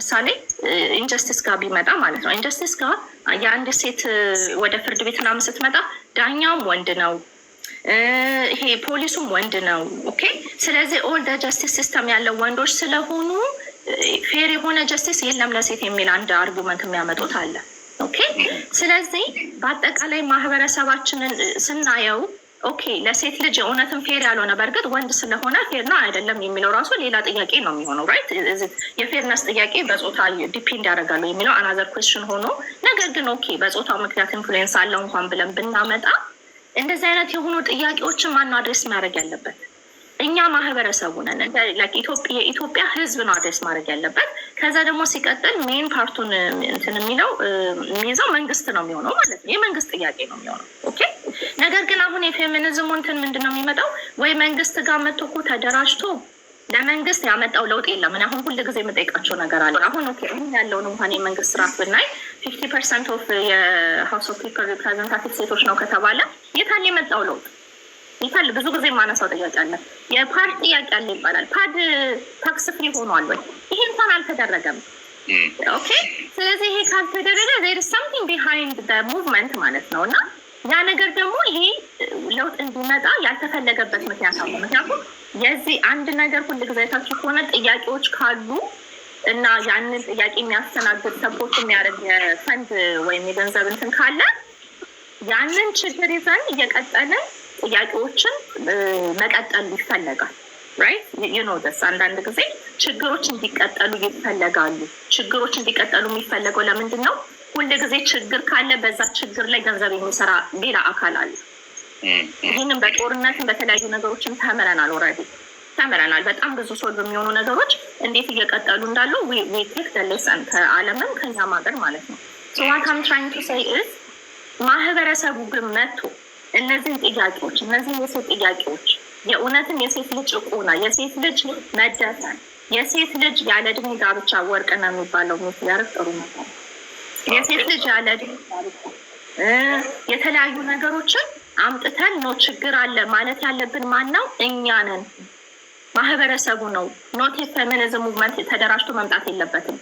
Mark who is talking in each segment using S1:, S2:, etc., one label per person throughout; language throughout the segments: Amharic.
S1: ምሳሌ ኢንጀስቲስ ጋር ቢመጣ ማለት ነው። ኢንጀስቲስ ጋር የአንድ ሴት ወደ ፍርድ ቤት ምናምን ስትመጣ ዳኛውም ወንድ ነው፣ ይሄ ፖሊሱም ወንድ ነው። ኦኬ። ስለዚህ ኦል ጀስቲስ ሲስተም ያለው ወንዶች ስለሆኑ ፌር የሆነ ጀስቲስ የለም ለሴት የሚል አንድ አርጉመንት የሚያመጡት አለ። ኦኬ። ስለዚህ በአጠቃላይ ማህበረሰባችንን ስናየው ኦኬ ለሴት ልጅ እውነትን ፌር ያልሆነ በእርግጥ ወንድ ስለሆነ ፌር ነው አይደለም የሚለው ራሱ ሌላ ጥያቄ ነው የሚሆነው። ራይት የፌርነስ ጥያቄ በፆታ ዲፔንድ ያደርጋሉ የሚለው አናዘር ኩዌስችን ሆኖ፣ ነገር ግን ኦኬ በፆታው ምክንያት ኢንፍሉዌንስ አለው እንኳን ብለን ብናመጣ እንደዚህ አይነት የሆኑ ጥያቄዎችን ማነው አድሬስ ማድረግ ያለበት? እኛ ማህበረሰቡ ነን። የኢትዮጵያ ሕዝብ ነው አድሬስ ማድረግ ያለበት። ከዛ ደግሞ ሲቀጥል ሜን ፓርቱን እንትን የሚለው የሚይዘው መንግስት ነው የሚሆነው ማለት ነው። የመንግስት ጥያቄ ነው የሚሆነው ኦኬ ነገር ግን አሁን የፌሚኒዝም እንትን ምንድን ነው የሚመጣው ወይ መንግስት ጋር መጥቶ እኮ ተደራጅቶ ለመንግስት ያመጣው ለውጥ የለም። እኔ አሁን ሁል ጊዜ የምጠይቃቸው ነገር አለ። አሁን ኦኬ አሁን ያለውን እንኳን የመንግስት ስርዓት ብናይ ፊፍቲ ፐርሰንት ኦፍ የሀውስ ኦፍ ፒፕል ሪፕሬዘንታቲቭ ሴቶች ነው ከተባለ የታል የመጣው ለውጥ ይታል? ብዙ ጊዜ የማነሳው ጥያቄ አለ። የፓድ ጥያቄ አለ ይባላል። ፓድ ታክስ ፍሪ ሆኗል ወይ? ይሄ እንኳን አልተደረገም። ኦኬ ስለዚህ ይሄ ካልተደረገ ዜር ሳምቲንግ ቢሃይንድ ሙቭመንት ማለት ነው እና ያ ነገር ደግሞ ይሄ ለውጥ እንዲመጣ ያልተፈለገበት ምክንያት አለ። ምክንያቱም የዚህ አንድ ነገር ሁል ጊዜ ከሆነ ጥያቄዎች ካሉ እና ያንን ጥያቄ የሚያስተናግድ ሰፖርት የሚያደርግ ፈንድ ወይም የገንዘብ እንትን ካለ ያንን ችግር ይዘን እየቀጠለ ጥያቄዎችን መቀጠሉ ይፈለጋል። ራይት ዩ ኖ ደስ አንዳንድ ጊዜ ችግሮች እንዲቀጠሉ ይፈለጋሉ። ችግሮች እንዲቀጠሉ የሚፈለገው ለምንድን ነው? ሁል ጊዜ ችግር ካለ በዛ ችግር ላይ ገንዘብ የሚሰራ ሌላ አካል አለ። ይህንም በጦርነትም በተለያዩ ነገሮችም ተምረናል። ኦልሬዲ ተምረናል። በጣም ብዙ ሰው በሚሆኑ ነገሮች እንዴት እየቀጠሉ እንዳሉ ቴክ ደሌሰን ከዓለምም ከኛም ሀገር ማለት ነው። ዋታም ትራይንግ ቱ ሰይ እዝ ማህበረሰቡ ግን መጥቶ እነዚህን ጥያቄዎች እነዚህን የሴት ጥያቄዎች የእውነትን የሴት ልጅ እቁና የሴት ልጅ መደፈን የሴት ልጅ ያለ እድሜ ጋብቻ ወርቅ ነው የሚባለው ሚስ ሚትያርፍ ጥሩ ነበር። የሴት ልጅ ያለድ የተለያዩ ነገሮችን አምጥተን ኖ ችግር አለ ማለት ያለብን ነው? እኛ ነን፣ ማህበረሰቡ ነው። ኖት የፌሚኒዝም ሙቭመንት ተደራጅቶ መምጣት የለበትም።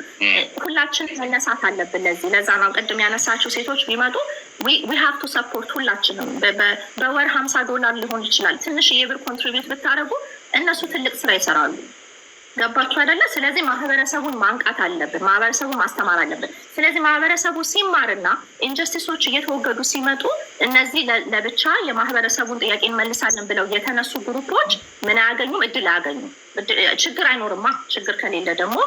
S1: ሁላችንም መነሳት አለብን። ለዚህ ለዛ ነው ቅድም ያነሳችው ሴቶች ቢመጡ ዊ ቱ ሰፖርት ሁላችንም። በወር ሀምሳ ዶላር ሊሆን ይችላል። ትንሽ የብር ኮንትሪቢዩት ብታደርጉ እነሱ ትልቅ ስራ ይሰራሉ። ገባችሁ አይደለ? ስለዚህ ማህበረሰቡን ማንቃት አለብን፣ ማህበረሰቡን ማስተማር አለብን። ስለዚህ ማህበረሰቡ ሲማርና ኢንጀስቲሶች እየተወገዱ ሲመጡ እነዚህ ለብቻ የማህበረሰቡን ጥያቄ እንመልሳለን ብለው የተነሱ ግሩፖች ምን አያገኙም? እድል አያገኙም። ችግር አይኖርማ። ችግር ከሌለ ደግሞ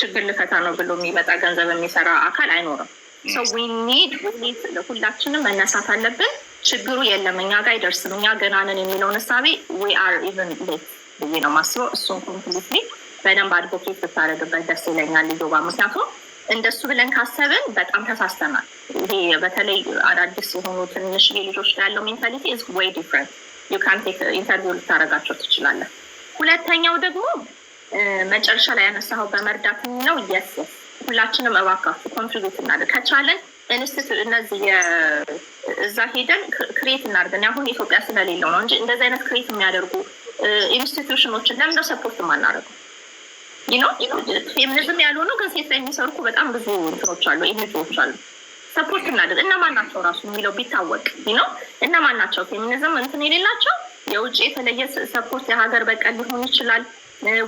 S1: ችግር ልፈታ ነው ብሎ የሚመጣ ገንዘብ የሚሰራ አካል አይኖርም። ሰው ሁላችንም መነሳት አለብን። ችግሩ የለም እኛ ጋር አይደርስም፣ እኛ ገና ነን የሚለውን እሳቤ ዊ አር ኢቨን ሌት ብዬ ነው ማስበው። እሱን ኮምፕሊትሊ በደንብ አድቮኬት ብታደረግበት ደስ ይለኛል ልጆባ። ምክንያቱም እንደሱ ብለን ካሰብን በጣም ተሳስተናል። ይሄ በተለይ አዳዲስ የሆኑ ትንሽ ልጆች ላይ ያለው ሜንታሊቲ ኢዝ ወይ ዲፍረንት ዩ ካን ቴክ ኢንተርቪው ልታደረጋቸው ትችላለን። ሁለተኛው ደግሞ መጨረሻ ላይ ያነሳው በመርዳት ነው። የስ ሁላችንም እባካችሁ ኮንትሪቢዩት እናደርግ ከቻለን እንስት እነዚህ እዛ ሄደን ክሬት እናደርገን። አሁን ኢትዮጵያ ስለሌለው ነው እንጂ እንደዚህ አይነት ክሬት የሚያደርጉ ኢንስቲትዩሽኖችን ለምንድነው ሰፖርት ማናደርገው? ፌሚኒዝም ያልሆኑ ግን ሴት ላይ የሚሰርኩ በጣም ብዙ እንትኖች አሉ፣ ኤንጂኦዎች አሉ። ሰፖርት እናደርግ እነማን ናቸው ራሱ የሚለው ቢታወቅ ነው። እነማን ናቸው ፌሚኒዝም እንትን የሌላቸው የውጭ የተለየ ሰፖርት የሀገር በቀል ሊሆን ይችላል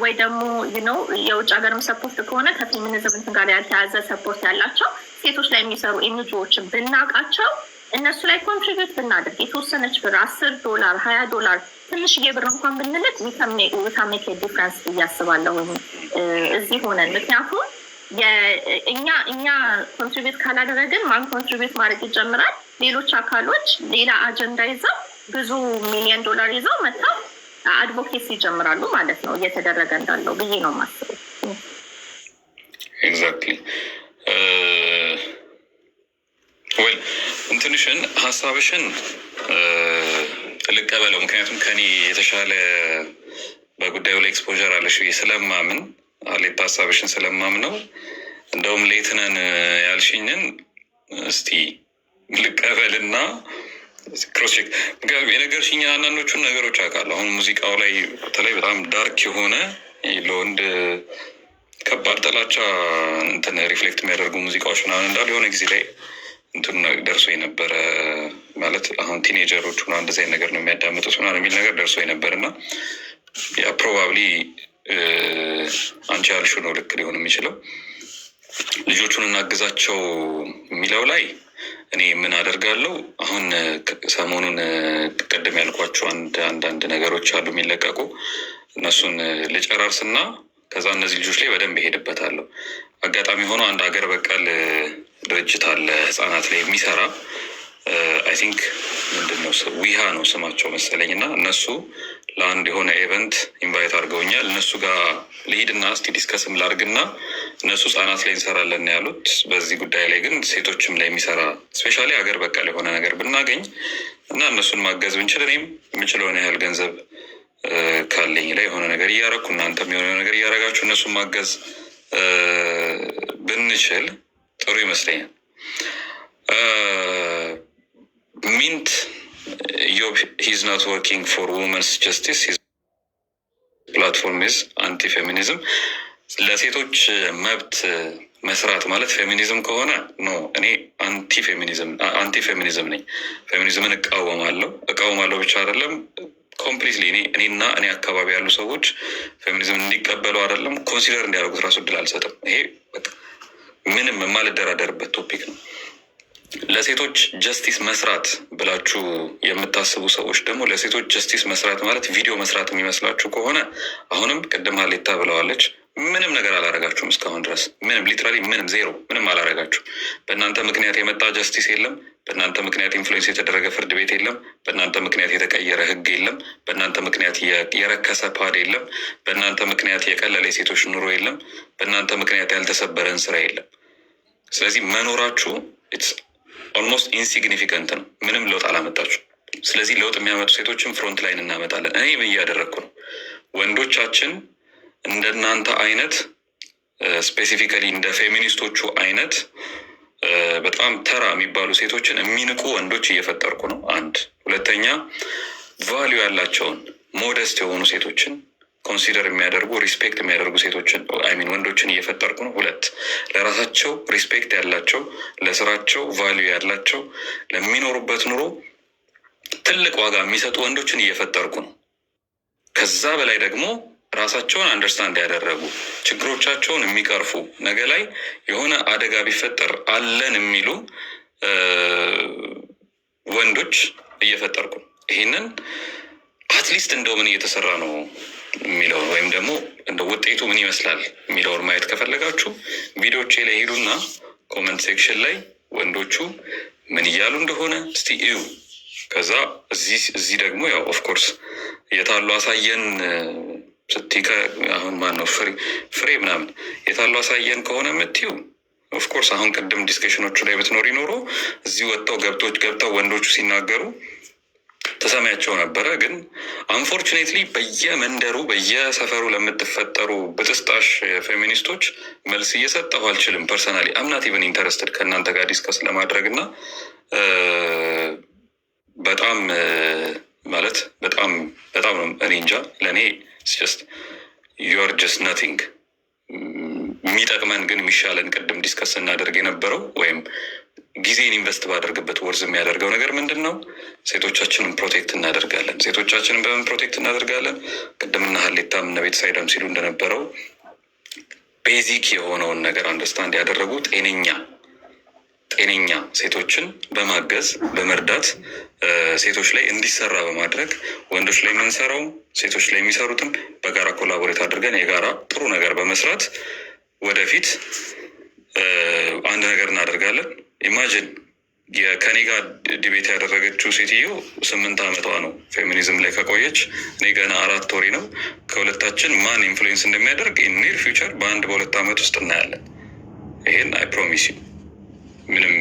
S1: ወይ ደግሞ ነው የውጭ ሀገርም ሰፖርት ከሆነ ከፌሚኒዝም እንትን ጋር ያልተያዘ ሰፖርት ያላቸው ሴቶች ላይ የሚሰሩ ኤንጂኦዎችን ብናውቃቸው እነሱ ላይ ኮንትሪቢዩት ብናደርግ የተወሰነች ብር አስር ዶላር ሀያ ዶላር ትንሽ ብር እንኳን ብንልቅ ዊካሜክ ዲፍረንስ እያስባለሁ እዚህ ሆነን ምክንያቱም እኛ እኛ ኮንትሪቢዩት ካላደረግን ማን ኮንትሪቢዩት ማድረግ ይጀምራል? ሌሎች አካሎች ሌላ አጀንዳ ይዘው ብዙ ሚሊዮን ዶላር ይዘው መታ አድቮኬሲ ይጀምራሉ ማለት ነው እየተደረገ እንዳለው ብዬ ነው የማስበው።
S2: ኤግዛክትሊ ወይ እንትንሽን ሀሳብሽን ልቀበለው። ምክንያቱም ከኔ የተሻለ በጉዳዩ ላይ ኤክስፖዠር አለሽ ስለማምን አሌት ሀሳብሽን ስለማምን ነው። እንደውም ሌትነን ያልሽኝን እስቲ ልቀበልና ክሮስቼክ የነገርሽኝ አንዳንዶቹን ነገሮች አውቃለሁ። አሁን ሙዚቃው ላይ በተለይ በጣም ዳርክ የሆነ ለወንድ ከባድ ጥላቻ እንትን ሪፍሌክት የሚያደርጉ ሙዚቃዎች ምናምን እንዳሉ የሆነ ጊዜ ላይ እንትኑ ደርሶ የነበረ ማለት አሁን ቲኔጀሮች ሆና እንደዚህ አይነት ነገር ነው የሚያዳምጡት ሆና የሚል ነገር ደርሶ የነበር እና ፕሮባብሊ አንቺ ያልሽው ነው ልክ ሊሆን የሚችለው ልጆቹን እናግዛቸው የሚለው ላይ እኔ ምን አደርጋለሁ አሁን ሰሞኑን ቅድም ያልኳቸው አንድ አንዳንድ ነገሮች አሉ የሚለቀቁ እነሱን ልጨራርስና ከዛ እነዚህ ልጆች ላይ በደንብ ይሄድበታለሁ። አጋጣሚ ሆኖ አንድ ሀገር በቀል ድርጅት አለ ህጻናት ላይ የሚሰራ አይ ቲንክ ምንድነው ዊሃ ነው ስማቸው መሰለኝ። እና እነሱ ለአንድ የሆነ ኤቨንት ኢንቫይት አድርገውኛል። እነሱ ጋር ልሂድና እስቲ ዲስከስም ላርግና እነሱ ህጻናት ላይ እንሰራለን ያሉት። በዚህ ጉዳይ ላይ ግን ሴቶችም ላይ የሚሰራ ስፔሻሊ ሀገር በቀል የሆነ ነገር ብናገኝ እና እነሱን ማገዝ ብንችል እኔም የምችለውን ያህል ገንዘብ ካለኝ ላይ የሆነ ነገር እያረኩ እናንተም የሆነ ነገር እያረጋችሁ እነሱን ማገዝ ብንችል ጥሩ ይመስለኛል። ሚንት ዮብ ሂዝ ናት ወርኪንግ ፎር ውመንስ ጀስቲስ ፕላትፎርም ዝ አንቲ ፌሚኒዝም ለሴቶች መብት መስራት ማለት ፌሚኒዝም ከሆነ ኖ እኔ አንቲ ፌሚኒዝም አንቲ ፌሚኒዝም ነኝ። ፌሚኒዝምን እቃወማለሁ። እቃወማለሁ ብቻ አይደለም ኮምፕሊትሊ እኔ እኔና እኔ አካባቢ ያሉ ሰዎች ፌሚኒዝም እንዲቀበሉ አይደለም ኮንሲደር እንዲያደርጉት ራሱ እድል አልሰጥም። ይሄ ምንም የማልደራደርበት ቶፒክ ነው። ለሴቶች ጀስቲስ መስራት ብላችሁ የምታስቡ ሰዎች ደግሞ ለሴቶች ጀስቲስ መስራት ማለት ቪዲዮ መስራት የሚመስላችሁ ከሆነ አሁንም ቅድም ሀሌታ ብለዋለች፣ ምንም ነገር አላረጋችሁም እስካሁን ድረስ ምንም፣ ሊትራሊ ምንም፣ ዜሮ፣ ምንም አላረጋችሁ። በእናንተ ምክንያት የመጣ ጀስቲስ የለም። በእናንተ ምክንያት ኢንፍሉዌንስ የተደረገ ፍርድ ቤት የለም። በእናንተ ምክንያት የተቀየረ ህግ የለም። በእናንተ ምክንያት የረከሰ ፓድ የለም። በእናንተ ምክንያት የቀለለ የሴቶች ኑሮ የለም። በእናንተ ምክንያት ያልተሰበረን ስራ የለም። ስለዚህ መኖራችሁ ኦልሞስት ኢንሲግኒፊካንት ነው። ምንም ለውጥ አላመጣችሁ። ስለዚህ ለውጥ የሚያመጡ ሴቶችን ፍሮንት ላይን እናመጣለን። እኔ ምን እያደረግኩ ነው? ወንዶቻችን እንደናንተ አይነት ስፔሲፊካሊ እንደ ፌሚኒስቶቹ አይነት በጣም ተራ የሚባሉ ሴቶችን የሚንቁ ወንዶች እየፈጠርኩ ነው። አንድ ሁለተኛ ቫሊዩ ያላቸውን ሞደስት የሆኑ ሴቶችን ኮንሲደር የሚያደርጉ ሪስፔክት የሚያደርጉ ሴቶችን አይሚን ወንዶችን እየፈጠርኩ ነው። ሁለት ለራሳቸው ሪስፔክት ያላቸው ለስራቸው ቫሊዩ ያላቸው ለሚኖሩበት ኑሮ ትልቅ ዋጋ የሚሰጡ ወንዶችን እየፈጠርኩ ነው። ከዛ በላይ ደግሞ ራሳቸውን አንደርስታንድ ያደረጉ ችግሮቻቸውን የሚቀርፉ ነገ ላይ የሆነ አደጋ ቢፈጠር አለን የሚሉ ወንዶች እየፈጠርኩ ነው። ይህንን አትሊስት እንደምን እየተሰራ ነው የሚለው ወይም ደግሞ እንደ ውጤቱ ምን ይመስላል የሚለውን ማየት ከፈለጋችሁ ቪዲዮቼ ላይ ሄዱና ኮመንት ሴክሽን ላይ ወንዶቹ ምን እያሉ እንደሆነ እስቲ እዩ። ከዛ እዚህ ደግሞ ያው ኦፍኮርስ የታሉ አሳየን ስቲ አሁን ማን ነው ፍሬ ፍሬ ምናምን የታሉ አሳየን ከሆነ የምትዩ ኦፍኮርስ አሁን ቅድም ዲስከሽኖቹ ላይ ብትኖር ይኖሮ እዚህ ወጥተው ገብቶች ገብተው ወንዶቹ ሲናገሩ ተሰማያቸው ነበረ። ግን አንፎርችኔትሊ በየመንደሩ በየሰፈሩ ለምትፈጠሩ ብጥስጣሽ ፌሚኒስቶች መልስ እየሰጠሁ አልችልም። ፐርሰናሊ አምናት ኢቨን ኢንተረስትድ ከእናንተ ጋር ዲስከስ ለማድረግ እና በጣም ማለት በጣም በጣም ነው። እኔ እንጃ ለእኔ ጀስት ዩር ጀስት ነቲንግ የሚጠቅመን ግን የሚሻለን ቅድም ዲስከስ እናደርግ የነበረው ወይም ጊዜን ኢንቨስት ባደርግበት ወርዝ የሚያደርገው ነገር ምንድን ነው? ሴቶቻችንን ፕሮቴክት እናደርጋለን። ሴቶቻችንን በምን ፕሮቴክት እናደርጋለን? ቅድምና ሀሌታም ምነ ቤት ሳይዳም ሲሉ እንደነበረው ቤዚክ የሆነውን ነገር አንደርስታንድ ያደረጉ ጤነኛ ጤነኛ ሴቶችን በማገዝ በመርዳት ሴቶች ላይ እንዲሰራ በማድረግ ወንዶች ላይ የምንሰራው ሴቶች ላይ የሚሰሩትም በጋራ ኮላቦሬት አድርገን የጋራ ጥሩ ነገር በመስራት ወደፊት አንድ ነገር እናደርጋለን። ኢማጅን ከኔ ጋር ዲቤት ያደረገችው ሴትዮ ስምንት ዓመቷ ነው። ፌሚኒዝም ላይ ከቆየች እኔ ገና አራት ወሬ ነው። ከሁለታችን ማን ኢንፍሉዌንስ እንደሚያደርግ ኒር ፊውቸር በአንድ በሁለት ዓመት ውስጥ እናያለን። ይሄን አይ ፕሮሚስ ዩ። ምንም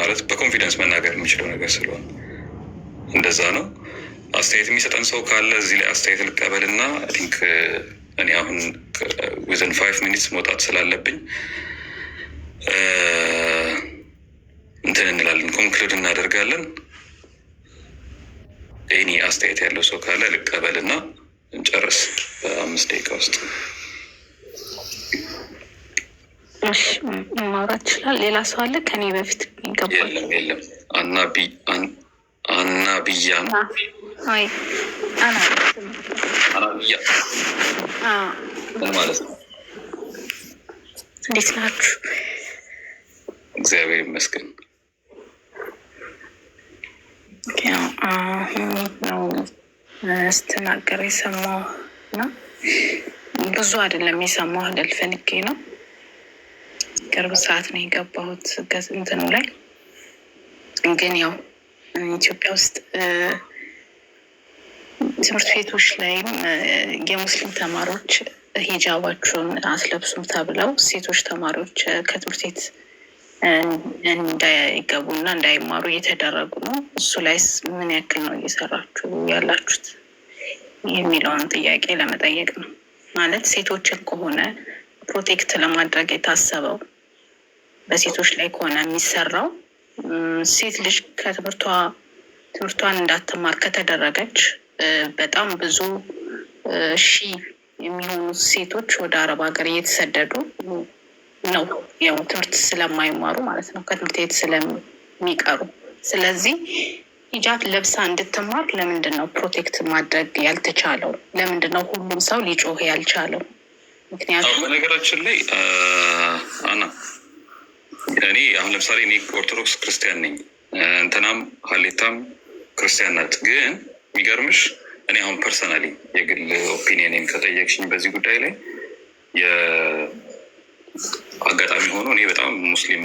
S2: ማለት በኮንፊደንስ መናገር የምችለው ነገር ስለሆነ እንደዛ ነው። አስተያየት የሚሰጠን ሰው ካለ እዚህ ላይ አስተያየት ልቀበል እና ቲንክ እኔ አሁን ዊዝን ፋይቭ ሚኒትስ መውጣት ስላለብኝ uh, እንትን እንላለን፣ ኮንክሉድ እናደርጋለን። ኤኒ አስተያየት ያለው ሰው ካለ ልቀበል እና እንጨርስ በአምስት ደቂቃ ውስጥ
S1: ማውራት ይችላል። ሌላ ሰው አለ ከኔ በፊት
S2: ይገባል። የለም የለም። አና ብያ ነው ማለት ነው። እንዴት ናችሁ? እግዚአብሔር ይመስገን።
S1: ስትናገር የሰማው ነው። ብዙ አይደለም የሰማው ህልል ፈልጌ ነው። ቅርብ ሰዓት ነው የገባሁት እንትኑ ላይ ግን ያው ኢትዮጵያ ውስጥ ትምህርት ቤቶች ላይም የሙስሊም ተማሪዎች ሂጃባቸውን አስለብሱም ተብለው ሴቶች ተማሪዎች ከትምህርት ቤት እንዳይገቡና እንዳይማሩ እየተደረጉ ነው። እሱ ላይስ ምን ያክል ነው እየሰራችሁ ያላችሁት የሚለውን ጥያቄ ለመጠየቅ ነው። ማለት ሴቶችን ከሆነ ፕሮቴክት ለማድረግ የታሰበው በሴቶች ላይ ከሆነ የሚሰራው ሴት ልጅ ከትምህርቷ ትምህርቷን እንዳትማር ከተደረገች በጣም ብዙ ሺህ የሚሆኑ ሴቶች ወደ አረብ ሀገር እየተሰደዱ ነው ያው ትምህርት ስለማይማሩ ማለት ነው ከትምህርት ቤት ስለሚቀሩ። ስለዚህ ሂጃብ ለብሳ እንድትማር ለምንድን ነው ፕሮቴክት ማድረግ ያልተቻለው? ለምንድን ነው ሁሉም ሰው ሊጮህ ያልቻለው?
S2: ምክንያቱም በነገራችን ላይ አና እኔ አሁን ለምሳሌ እኔ ኦርቶዶክስ ክርስቲያን ነኝ፣ እንትናም ሀሌታም ክርስቲያን ናት። ግን የሚገርምሽ እኔ አሁን ፐርሰናሊ የግል ኦፒኒየን ከጠየቅሽኝ በዚህ ጉዳይ ላይ አጋጣሚ ሆኖ እኔ በጣም ሙስሊም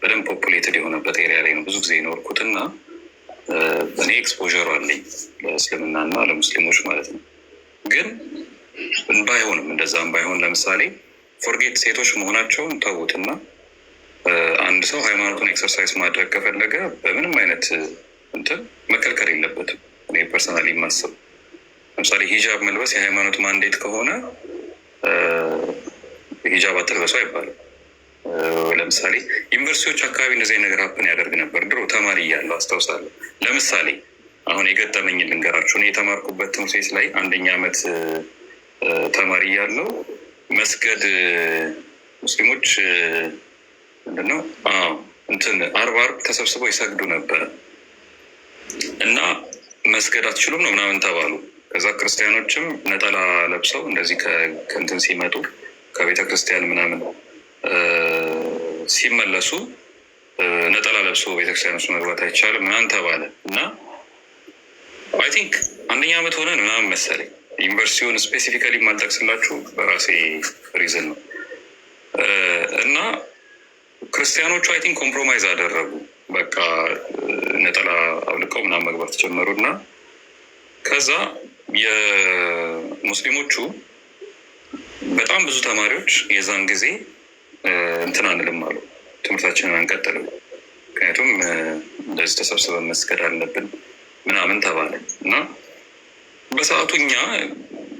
S2: በደንብ ፖፑሌትድ የሆነበት ኤሪያ ላይ ነው ብዙ ጊዜ ይኖርኩት እና እኔ ኤክስፖር አለኝ ለእስልምናና ለሙስሊሞች ማለት ነው። ግን ባይሆንም እንደዛም ባይሆን ለምሳሌ ፎርጌት ሴቶች መሆናቸውን ተዉትና አንድ ሰው ሃይማኖቱን ኤክሰርሳይዝ ማድረግ ከፈለገ በምንም አይነት እንትን መከልከል የለበትም። እኔ ፐርሰናሊ ማስብ ለምሳሌ ሂጃብ መልበስ የሃይማኖት ማንዴት ከሆነ ሂጃብ አትልበሱ አይባልም። ለምሳሌ ዩኒቨርሲቲዎች አካባቢ እንደዚህ ነገር ሀፕን ያደርግ ነበር ድሮ ተማሪ እያለሁ አስታውሳለሁ። ለምሳሌ አሁን የገጠመኝ ልንገራችሁ። እኔ የተማርኩበት ትምህርት ቤት ላይ አንደኛ ዓመት ተማሪ እያለሁ መስገድ ሙስሊሞች ምንድነው እንትን አርብ አርብ ተሰብስበው ይሰግዱ ነበር እና መስገድ አትችሉም ነው ምናምን ተባሉ። ከዛ ክርስቲያኖችም ነጠላ ለብሰው እንደዚህ ከእንትን ሲመጡ ከቤተ ክርስቲያን ምናምን ሲመለሱ ነጠላ ለብሶ ቤተክርስቲያን ውስጥ መግባት አይቻልም ምናምን ተባለ እና አይ ቲንክ አንደኛ ዓመት ሆነን ምናምን መሰለኝ ዩኒቨርሲቲውን ስፔሲፊካሊ ማልጠቅስላችሁ በራሴ ሪዝን ነው እና ክርስቲያኖቹ አይ ቲንክ ኮምፕሮማይዝ አደረጉ። በቃ ነጠላ አውልቀው ምናምን መግባት ጀመሩ እና ከዛ የሙስሊሞቹ በጣም ብዙ ተማሪዎች የዛን ጊዜ እንትን አንልም አሉ፣ ትምህርታችንን አንቀጥልም፣ ምክንያቱም እንደዚህ ተሰብስበን መስገድ አለብን ምናምን ተባለ እና በሰዓቱ እኛ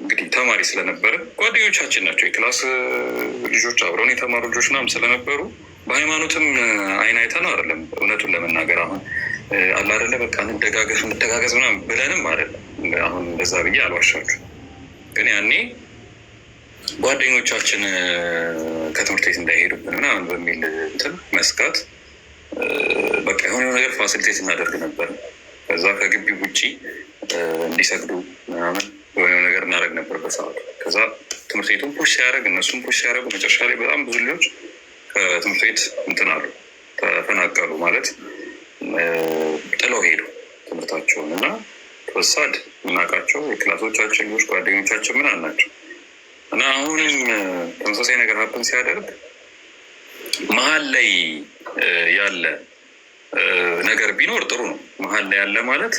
S2: እንግዲህ ተማሪ ስለነበረ ጓደኞቻችን ናቸው የክላስ ልጆች አብረውን የተማሩ ልጆች ናም ስለነበሩ በሃይማኖትም አይን አይተን አይደለም። እውነቱን ለመናገር አሁን አለ አይደለ በቃ እንደጋገፍ እንደጋገዝ ምናምን ብለንም አይደለም። አሁን እንደዛ ብዬ አልዋሻችሁ፣ ግን ያኔ ጓደኞቻችን ከትምህርት ቤት እንዳይሄዱብን ምናምን በሚል እንትን መስጋት በቃ የሆነ ነገር ፋሲሊቴት እናደርግ ነበር። ከዛ ከግቢ ውጭ እንዲሰግዱ ምናምን የሆነ ነገር እናደርግ ነበር በሰዓት። ከዛ ትምህርት ቤቱን ፑሽ ሲያደርግ እነሱም ፑሽ ሲያደርጉ መጨረሻ ላይ በጣም ብዙ ልጆች ከትምህርት ቤት እንትን አሉ፣ ተፈናቀሉ ማለት ጥለው ሄዱ ትምህርታቸውን እና ተወሳድ እናውቃቸው የክላሶቻችን ልጆች ጓደኞቻችን ምናምን ናቸው እና አሁንም ተመሳሳይ ነገር ሀብን ሲያደርግ መሀል ላይ ያለ ነገር ቢኖር ጥሩ ነው። መሀል ላይ ያለ ማለት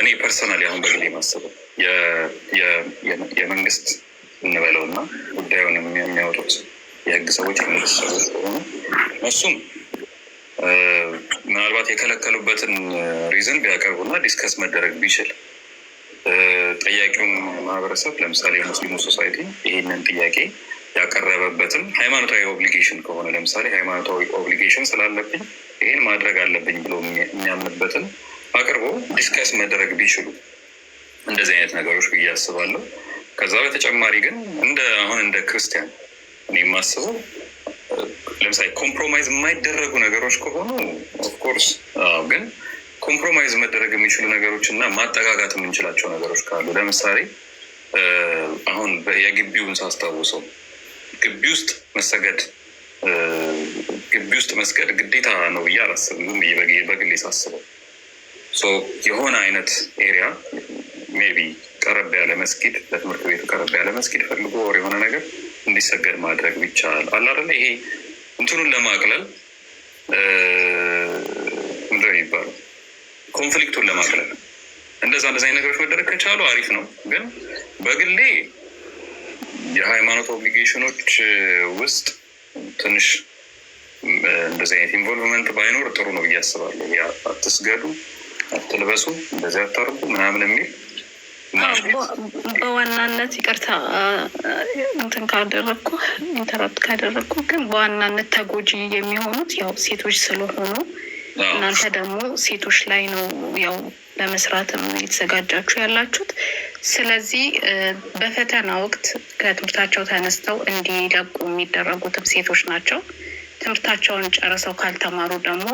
S2: እኔ ፐርሰናል አሁን በግሌ ማስበው የመንግስት እንበለው እና ጉዳዩን የሚያወጡት የህግ ሰዎች የመንግስት ሰዎች ከሆኑ እሱም ምናልባት የከለከሉበትን ሪዝን ቢያቀርቡና ዲስከስ መደረግ ቢችል ጠያቂውም ማህበረሰብ ለምሳሌ ሙስሊሙ ሶሳይቲ ይህንን ጥያቄ ያቀረበበትን ሃይማኖታዊ ኦብሊጌሽን ከሆነ ለምሳሌ ሃይማኖታዊ ኦብሊጌሽን ስላለብኝ ይህን ማድረግ አለብኝ ብሎ የሚያምንበትን አቅርቦ ዲስከስ መደረግ ቢችሉ እንደዚህ አይነት ነገሮች ብዬ አስባለሁ። ከዛ በተጨማሪ ግን እንደ አሁን እንደ ክርስቲያን እኔ የማስበው ለምሳሌ ኮምፕሮማይዝ የማይደረጉ ነገሮች ከሆኑ ኦፍኮርስ ግን ኮምፕሮማይዝ መደረግ የሚችሉ ነገሮች እና ማጠጋጋት የምንችላቸው ነገሮች ካሉ ለምሳሌ አሁን የግቢውን ሳስታውሰው ግቢ ውስጥ መሰገድ ግቢ ውስጥ መስገድ ግዴታ ነው ብዬ አላስብም። በግሌ ሳስበው የሆነ አይነት ኤሪያ ሜይ ቢ ቀረብ ያለ መስጊድ ለትምህርት ቤቱ ቀረብ ያለ መስጊድ ፈልጎ ወር የሆነ ነገር እንዲሰገድ ማድረግ ቢቻል አለ ይሄ እንትኑን ለማቅለል ምንድን ነው የሚባለው ኮንፍሊክቱን ለማቅለል እንደዛ እንደዛ አይነት ነገሮች መደረግ ከቻሉ አሪፍ ነው። ግን በግሌ የሃይማኖት ኦብሊጌሽኖች ውስጥ ትንሽ እንደዚህ አይነት ኢንቮልቭመንት ባይኖር ጥሩ ነው ብዬ አስባለሁ። አትስገዱ፣ አትልበሱ፣ እንደዚህ አታርጉ ምናምን የሚል
S1: በዋናነት ይቅርታ እንትን ካደረግኩ ኢንተራፕት ካደረግኩ ግን በዋናነት ተጎጂ የሚሆኑት ያው ሴቶች ስለሆኑ እናንተ ደግሞ ሴቶች ላይ ነው ያው ለመስራትም የተዘጋጃችሁ ያላችሁት። ስለዚህ በፈተና ወቅት ከትምህርታቸው ተነስተው እንዲለቁ የሚደረጉትም ሴቶች ናቸው። ትምህርታቸውን ጨርሰው ካልተማሩ ደግሞ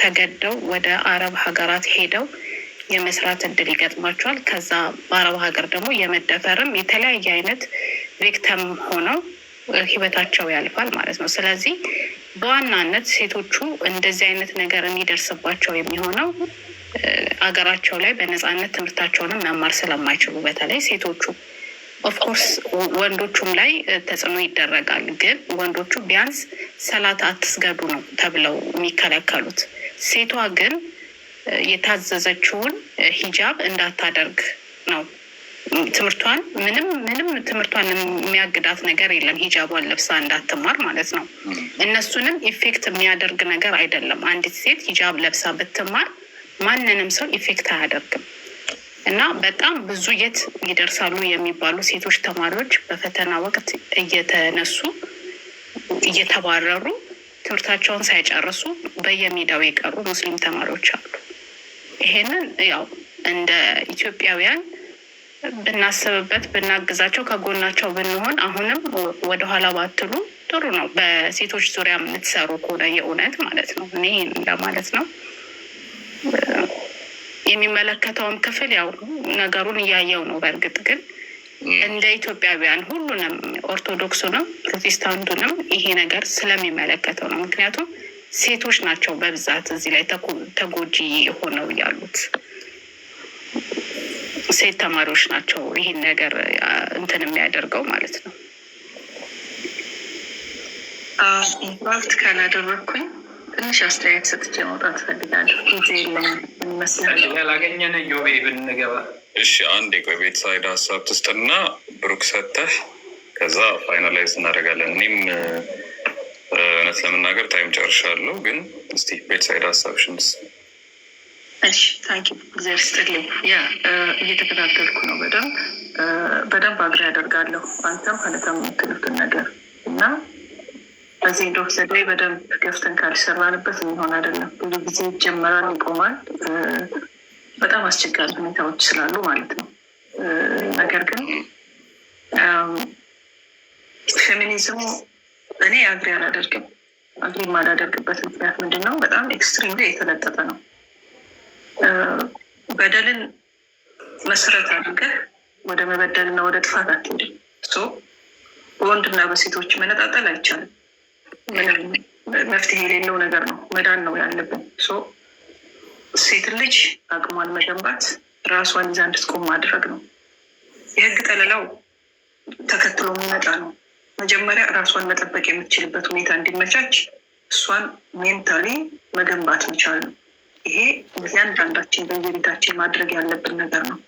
S1: ተገደው ወደ አረብ ሀገራት ሄደው የመስራት እድል ይገጥማቸዋል። ከዛ በአረብ ሀገር ደግሞ የመደፈርም የተለያየ አይነት ቪክተም ሆነው ህይወታቸው ያልፋል ማለት ነው። ስለዚህ በዋናነት ሴቶቹ እንደዚህ አይነት ነገር የሚደርስባቸው የሚሆነው አገራቸው ላይ በነፃነት ትምህርታቸውንም መማር ስለማይችሉ በተለይ ሴቶቹ ኦፍኮርስ ወንዶቹም ላይ ተጽዕኖ ይደረጋል። ግን ወንዶቹ ቢያንስ ሰላት አትስገዱ ነው ተብለው የሚከለከሉት። ሴቷ ግን የታዘዘችውን ሂጃብ እንዳታደርግ ነው ትምህርቷን ምንም ምንም ትምህርቷን የሚያግዳት ነገር የለም። ሂጃቧን ለብሳ እንዳትማር ማለት ነው። እነሱንም ኢፌክት የሚያደርግ ነገር አይደለም። አንዲት ሴት ሂጃብ ለብሳ ብትማር ማንንም ሰው ኢፌክት አያደርግም። እና በጣም ብዙ የት ይደርሳሉ የሚባሉ ሴቶች ተማሪዎች በፈተና ወቅት እየተነሱ እየተባረሩ ትምህርታቸውን ሳይጨርሱ በየሜዳው የቀሩ ሙስሊም ተማሪዎች አሉ። ይሄንን ያው እንደ ኢትዮጵያውያን ብናስብበት ብናግዛቸው ከጎናቸው ብንሆን አሁንም ወደኋላ ባትሉ ጥሩ ነው። በሴቶች ዙሪያ የምትሰሩ ከሆነ የእውነት ማለት ነው። እኔ ለማለት ነው የሚመለከተውም ክፍል ያው ነገሩን እያየው ነው። በእርግጥ ግን እንደ ኢትዮጵያውያን ሁሉንም ኦርቶዶክሱንም ፕሮቴስታንቱንም ይሄ ነገር ስለሚመለከተው ነው። ምክንያቱም ሴቶች ናቸው በብዛት እዚህ ላይ ተጎጂ የሆነው ያሉት። ሴት ተማሪዎች ናቸው ይህን ነገር እንትን የሚያደርገው ማለት ነው። ኢንፋክት ካላደረግኩኝ ትንሽ አስተያየት ሰጥቼ መውጣት ፈልጋለሁ። ጊዜ የለም ይመስላል።
S2: ያላገኘን ዮቤ ብንገባ እሺ። አንድ ቆይ ቤት ሳይድ ሀሳብ ትስጥና ብሩክ ሰተህ ከዛ ፋይናላይዝ እናደርጋለን። እኔም እውነት ለመናገር ታይም ጨርሻለሁ፣ ግን እስቲ ቤት ሳይድ ሀሳብ ሽንስ
S1: እሺ ታንኪ እግዚአብሔር ይስጥልኝ። ያ እየተከታተልኩ ነው። በደንብ በደንብ አግሬ ያደርጋለሁ። አንተም ከነተም የምትሉትን ነገር እና በዚህ እንደ ወሰድ ላይ በደንብ ገፍተን ካልሰራንበት የሚሆን አይደለም። ብዙ ጊዜ ይጀመራል፣ ይቆማል። በጣም አስቸጋሪ ሁኔታዎች ስላሉ ማለት ነው። ነገር ግን ፌሚኒዝሙ እኔ አግሪ አላደርግም። አግሪ የማላደርግበት ምክንያት ምንድን ነው? በጣም ኤክስትሪም የተለጠጠ ነው በደልን መሰረት አድርገህ ወደ መበደልና ወደ ጥፋት አትሄድ። በወንድና በሴቶች መነጣጠል አይቻልም። ምንም መፍትሄ የሌለው ነገር ነው። መዳን ነው ያለብን። ሴት ልጅ አቅሟን መገንባት ራሷን ይዛ እንድትቆም ማድረግ ነው። የህግ ጠለላው ተከትሎ የሚመጣ ነው። መጀመሪያ ራሷን መጠበቅ የምትችልበት ሁኔታ እንዲመቻች እሷን ሜንታሊ መገንባት መቻል ነው። ይሄ እያንዳንዳችን በየቤታችን ማድረግ ያለብን ነገር ነው።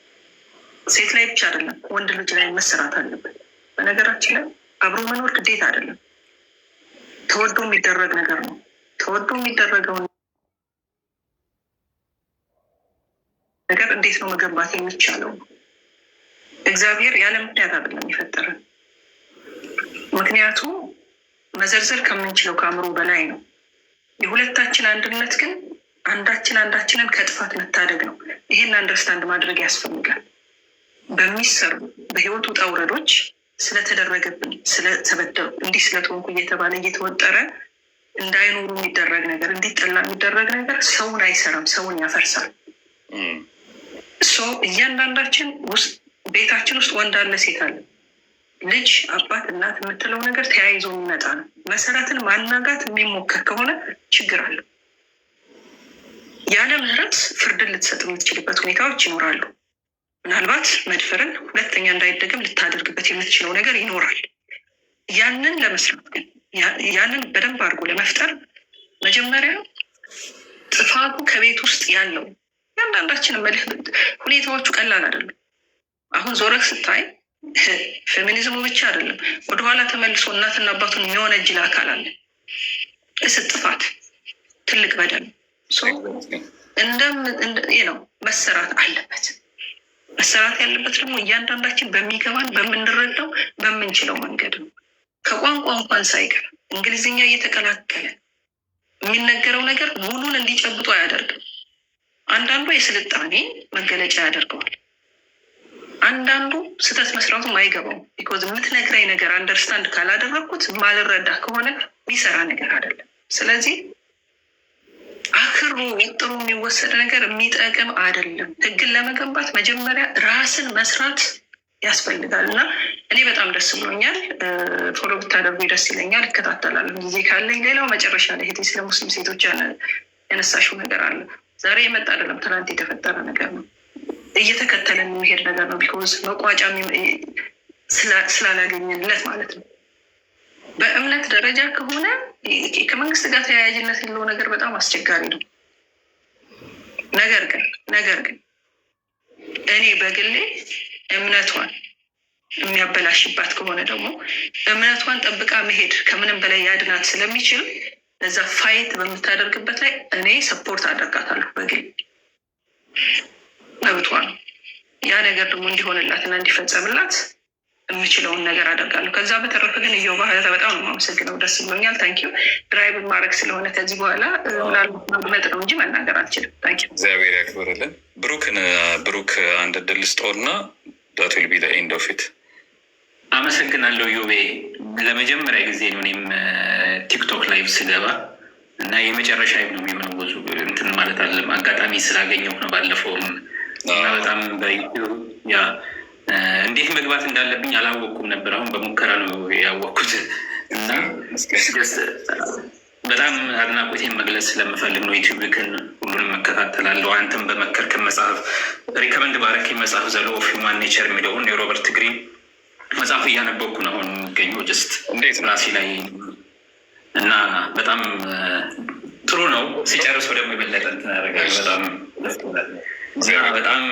S1: ሴት ላይ ብቻ አይደለም፣ ወንድ ልጅ ላይ መሰራት አለብን። በነገራችን ላይ አብሮ መኖር ግዴታ አይደለም፣ ተወዶ የሚደረግ ነገር ነው። ተወዶ የሚደረገውን ነገር እንዴት ነው መገንባት የሚቻለው? እግዚአብሔር ያለ ምክንያት አይደለም የፈጠረን። ምክንያቱ መዘርዘር ከምንችለው ከአእምሮ በላይ ነው። የሁለታችን አንድነት ግን አንዳችን አንዳችንን ከጥፋት መታደግ ነው። ይሄን አንደርስታንድ ማድረግ ያስፈልጋል። በሚሰሩ በህይወት ውጣ ውረዶች ስለተደረገብን ስለተበደሩ፣ እንዲህ ስለተሆንኩ እየተባለ እየተወጠረ እንዳይኖሩ የሚደረግ ነገር፣ እንዲጠላ የሚደረግ ነገር ሰውን አይሰራም፣ ሰውን ያፈርሳል። እያንዳንዳችን ውስጥ ቤታችን ውስጥ ወንድ አለ፣ ሴት አለ፣ ልጅ፣ አባት፣ እናት የምትለው ነገር ተያይዞ የሚመጣ ነው። መሰረትን ማናጋት የሚሞከር ከሆነ ችግር አለው። ያለ ምህረት ፍርድን ልትሰጥ የምትችልበት ሁኔታዎች ይኖራሉ። ምናልባት መድፈርን ሁለተኛ እንዳይደገም ልታደርግበት የምትችለው ነገር ይኖራል። ያንን ለመስራት ግን ያንን በደንብ አድርጎ ለመፍጠር መጀመሪያ ጥፋቱ ከቤት ውስጥ ያለው መልህ ሁኔታዎቹ ቀላል አይደለም። አሁን ዞረህ ስታይ ፌሚኒዝሙ ብቻ አይደለም፣ ወደኋላ ተመልሶ እናትና አባቱን የሚወነጅል አካል አለ። እስጥ ጥፋት ትልቅ በደል ነው መሰራት አለበት። መሰራት ያለበት ደግሞ እያንዳንዳችን በሚገባን በምንረዳው በምንችለው መንገድ ነው። ከቋንቋ እንኳን ሳይቀር እንግሊዝኛ እየተቀላቀለ የሚነገረው ነገር ሙሉን እንዲጨብጡ አያደርግም። አንዳንዱ የስልጣኔ መገለጫ ያደርገዋል። አንዳንዱ ስህተት መስራቱም አይገባውም። ቢኮዝ የምትነግረኝ ነገር አንደርስታንድ ካላደረግኩት ማልረዳ ከሆነ የሚሰራ ነገር አይደለም። ስለዚህ አክሮ ወጥሮ የሚወሰድ ነገር የሚጠቅም አይደለም። ህግን ለመገንባት መጀመሪያ ራስን መስራት ያስፈልጋል እና እኔ በጣም ደስ ብሎኛል። ፎሎ ብታደርጉ ደስ ይለኛል። እከታተላለሁ ጊዜ ካለኝ። ሌላው መጨረሻ ላይ ሄ ስለ ሙስሊም ሴቶች ያነሳሽው ነገር አለ። ዛሬ የመጣ አይደለም፣ ትናንት የተፈጠረ ነገር ነው። እየተከተለን የሚሄድ ነገር ነው። ቢኮዝ መቋጫ ስላላገኘንለት ማለት ነው። በእምነት ደረጃ ከሆነ ከመንግስት ጋር ተያያዥነት ያለው ነገር በጣም አስቸጋሪ ነው። ነገር ግን ነገር ግን እኔ በግሌ እምነቷን የሚያበላሽባት ከሆነ ደግሞ እምነቷን ጠብቃ መሄድ ከምንም በላይ ያድናት ስለሚችል እዛ ፋይት በምታደርግበት ላይ እኔ ሰፖርት አደርጋታለሁ። በግል መብቷ ነው። ያ ነገር ደግሞ እንዲሆንላትና እንዲፈጸምላት የምችለውን ነገር አደርጋለሁ። ከዛ በተረፈ ግን እየው ባህታ በጣም ነው የማመሰግነው። ደስ ብሎኛል። ታንኪዩ ድራይቭ ማድረግ ስለሆነ ከዚህ በኋላ ምናልባት ነው እንጂ መናገር አልችልም። ታንኪዩ
S2: እግዚአብሔር ያክብርልን። ብሩክን ብሩክ አንድ ድል ስጦርና ዳት ዊል ቢ ዘ ኤንድ ኦፍ ኢት።
S3: አመሰግናለሁ ዮቤ። ለመጀመሪያ ጊዜ ነው እኔም ቲክቶክ ላይቭ ስገባ እና የመጨረሻ ነው የሚሆነው። ብዙ እንትን ማለት አለም አጋጣሚ ስላገኘሁ ነው ባለፈውም እና በጣም በዩ ያ እንዴት መግባት እንዳለብኝ አላወቅኩም ነበር። አሁን በሙከራ ነው ያወቅኩት እና በጣም አድናቆቴን መግለጽ ስለምፈልግ ነው። ዩቲዩብክን ሁሉንም መከታተላለሁ። አንተም በመከርክን መጽሐፍ ሪከመንድ ባረክ መጽሐፍ ዘሎ ኦፍ ሂውማን ኔቸር የሚለውን የሮበርት ግሪን መጽሐፍ እያነበብኩ ነው አሁን የሚገኘው ጀስት እንዴት ራሴ ላይ እና በጣም ጥሩ ነው። ሲጨርሰው ደግሞ የበለጠ ትናደርጋለህ። በጣም በጣም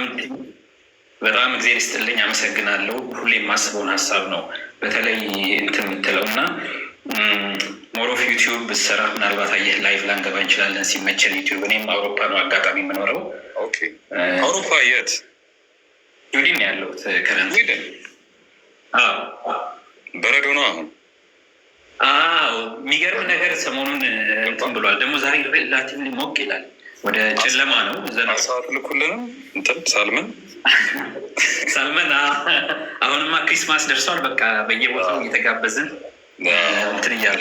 S3: በጣም እግዚአብሔር ይስጥልኝ፣ አመሰግናለሁ። ሁሌ የማስበውን ሀሳብ ነው በተለይ እንትን የምትለው እና ሞሮፍ ዩቲዩብ ስራ ምናልባት አየህ ላይቭ ላንገባ እንችላለን ሲመቸን ዩቲዩብ። እኔም አውሮፓ ነው አጋጣሚ የምኖረው።
S2: አውሮፓ የት?
S3: ስዊድን ያለሁት ከረንት።
S2: በረዶ ነው አሁን።
S3: አዎ የሚገርም ነገር ሰሞኑን እንትን ብሏል። ደግሞ ዛሬ ሪላቲቭሊ ሞቅ ይላል ወደ ጨለማ ነው።
S2: ሰዓት ልኩልንም እንትን ሳልመን
S3: ሳልመን አሁንማ ክሪስማስ ደርሷል። በቃ በየቦታው እየተጋበዝን እንትን እያለ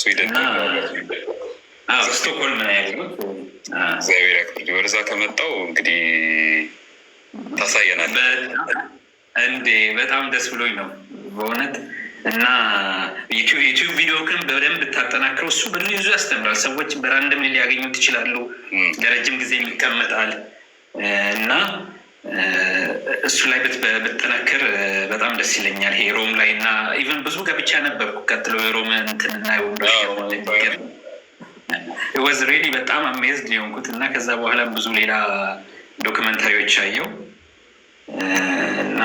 S3: ስዊድን ስቶክሆልም ነው ያሉት።
S2: እግዚአብሔር ያክል ወደዛ ከመጣው እንግዲህ ታሳየናል
S3: እንዴ። በጣም ደስ ብሎኝ ነው በእውነት እና ዩቲዩብ ቪዲዮ ግን በደንብ ብታጠናክረው እሱ ብዙ ያስተምራል። ሰዎች በራንደም ሊያገኙት ይችላሉ። ለረጅም ጊዜ ይቀመጣል እና እሱ ላይ ብትጠናክር በጣም ደስ ይለኛል። ይሄ ሮም ላይ እና ኢቨን ብዙ ገብቻ ነበርኩ። ቀጥሎ የሮም እንትንና ወዝ ሬዲ በጣም አሜዝድ የሆንኩት እና ከዛ በኋላም ብዙ ሌላ ዶክመንታሪዎች አየው እና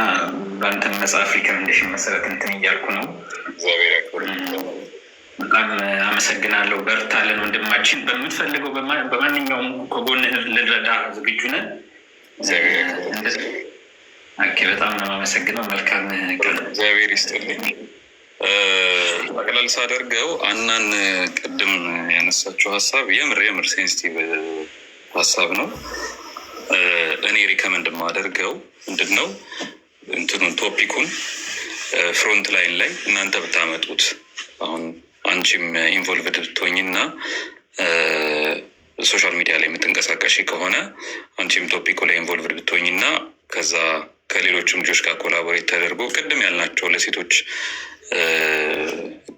S3: በአንተም መጽሐፍ ሪከመንዴሽን መሰረት እንትን እያልኩ ነው። በጣም አመሰግናለሁ። በርታለን ወንድማችን። በምትፈልገው በማንኛውም ከጎንህ ልረዳ ዝግጁ ነን። በጣም ነው አመሰግነው። መልካም ቀን።
S2: እግዚአብሔር ይስጥልኝ። ጠቅላል ሳደርገው አናን ቅድም ያነሳችው ሀሳብ የምር የምር ሴንስቲቭ ሀሳብ ነው። እኔ ሪከመንድ ማደርገው ምንድን ነው እንትኑን ቶፒኩን ፍሮንት ላይን ላይ እናንተ ብታመጡት አሁን አንቺም ኢንቮልቭድ ብትሆኝና ሶሻል ሚዲያ ላይ የምትንቀሳቀሽ ከሆነ አንቺም ቶፒኩ ላይ ኢንቮልቭድ ብትሆኝና ከዛ ከሌሎችም ልጆች ጋር ኮላቦሬት ተደርጎ ቅድም ያልናቸው ለሴቶች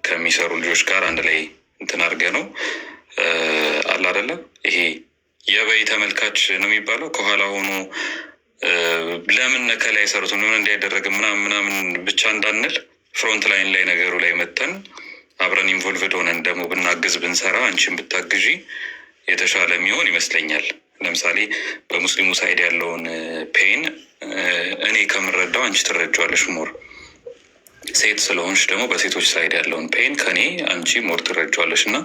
S2: ከሚሰሩ ልጆች ጋር አንድ ላይ እንትን አድርገ ነው አለ አይደለም። ይሄ የበይ ተመልካች ነው የሚባለው ከኋላ ሆኖ ለምን ከላይ ሰሩት ምን እንዲያደረግ ምናምን ምናምን ብቻ እንዳንል ፍሮንት ላይን ላይ ነገሩ ላይ መተን አብረን ኢንቮልቭድ ሆነን ደግሞ ብናግዝ ብንሰራ አንቺን ብታግዢ የተሻለ የሚሆን ይመስለኛል። ለምሳሌ በሙስሊሙ ሳይድ ያለውን ፔን እኔ ከምረዳው አንቺ ትረጇዋለሽ ሞር ሴት ስለሆንሽ ደግሞ በሴቶች ሳይድ ያለውን ፔን ከኔ አንቺ ሞር ትረጇዋለሽ እና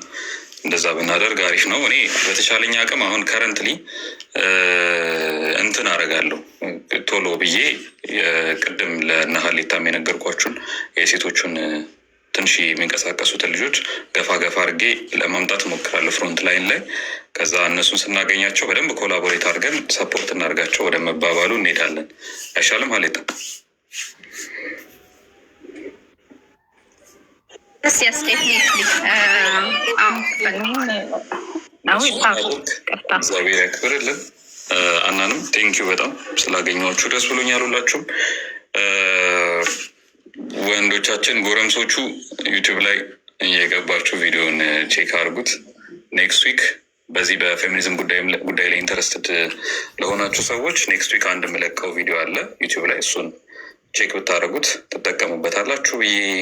S2: እንደዛ ብናደርግ አሪፍ ነው። እኔ በተቻለኝ አቅም አሁን ከረንትሊ እንትን አደርጋለሁ ቶሎ ብዬ ቅድም ለነሀሌታም የነገርኳችሁን የሴቶቹን ትንሽ የሚንቀሳቀሱትን ልጆች ገፋ ገፋ አድርጌ ለማምጣት እሞክራለሁ ፍሮንት ላይን ላይ። ከዛ እነሱን ስናገኛቸው በደንብ ኮላቦሬት አድርገን ሰፖርት እናርጋቸው ወደ መባባሉ እንሄዳለን። አይሻልም ሀሌታ? ደስ እግዚአብሔር ያክብርልን። አናንም ቴንኪዩ በጣም ስላገኘኋችሁ ደስ ብሎኛል። ሁላችሁም ወንዶቻችን ጎረምሶቹ ዩቲዩብ ላይ እየገባችሁ ቪዲዮን ቼክ አድርጉት። ኔክስት ዊክ በዚህ በፌሚኒዝም ጉዳይ ላይ ኢንተረስትድ ለሆናችሁ ሰዎች ኔክስት ዊክ አንድ የምለቀው ቪዲዮ አለ ዩቲዩብ ላይ እሱን ቼክ ብታደርጉት ትጠቀሙበታላችሁ ብዬ